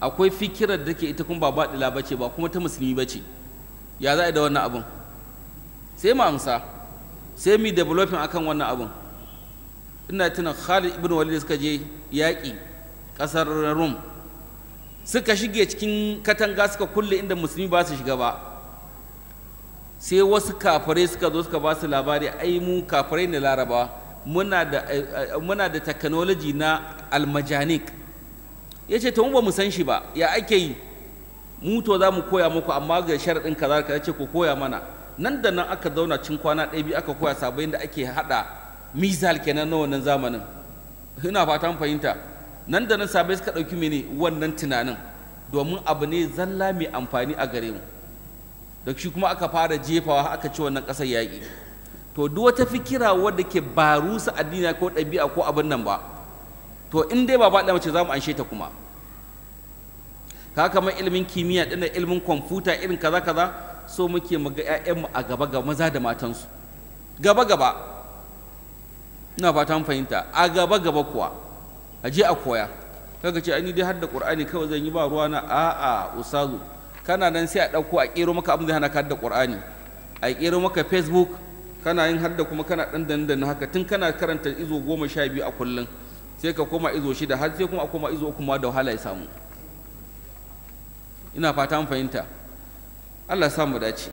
akwai fikirar da ke ita kuma ba baɗila ba ce ba kuma ta musulmi ba ce ya za a yi da wannan abin sai mu amsa sai mu developing akan wannan abin ina tunan khalid ibn walid suka je yaƙi ƙasar rum suka shige cikin katanga suka kulle inda musulmi ba su shiga ba sai wasu kafirai suka zo suka ba su labari ai mu kafirai ne laraba muna da eh, eh, muna da technology na almajanik ya ce ta mu ba mu san shi ba ya ake yi mu to za mu koya muku amma ga sharaɗin kaza ka ce ku koya mana nan da nan aka zauna cin kwana ɗaya biyu aka koya sabayin da ake haɗa mizal kenan na wannan zamanin ina fatan fahimta nan da nan sabai suka ɗauki mene wannan tunanin domin abu ne zalla mai amfani a gare mu da shi kuma aka fara jefawa aka ci wannan ƙasar yaƙi to duk wata fikira wadda ke barusa addini ko ɗabi'a ko abin nan ba to in dai ba faɗa mace za mu anshe ta kuma ka kamar ilimin kimiyya ɗin da ilimin kwamfuta irin kaza kaza so muke mu ga ƴaƴanmu a gaba ga maza da matansu gaba gaba ina fatan fahimta a gaba gaba kuwa a je a koya kaga ce ni dai har da qur'ani kawai zan yi ba ruwa na a'a usazu kana nan sai a ɗauko a ƙero maka abin da hana ka da qur'ani a ƙero maka facebook kana yin hadda kuma kana ɗan dandan haka tun kana karanta izo goma sha biyu a kullum sai ka koma izo shida har sai kuma a koma izo kuma ma da wahala ya samu ina fata an fahimta Allah ya samu dace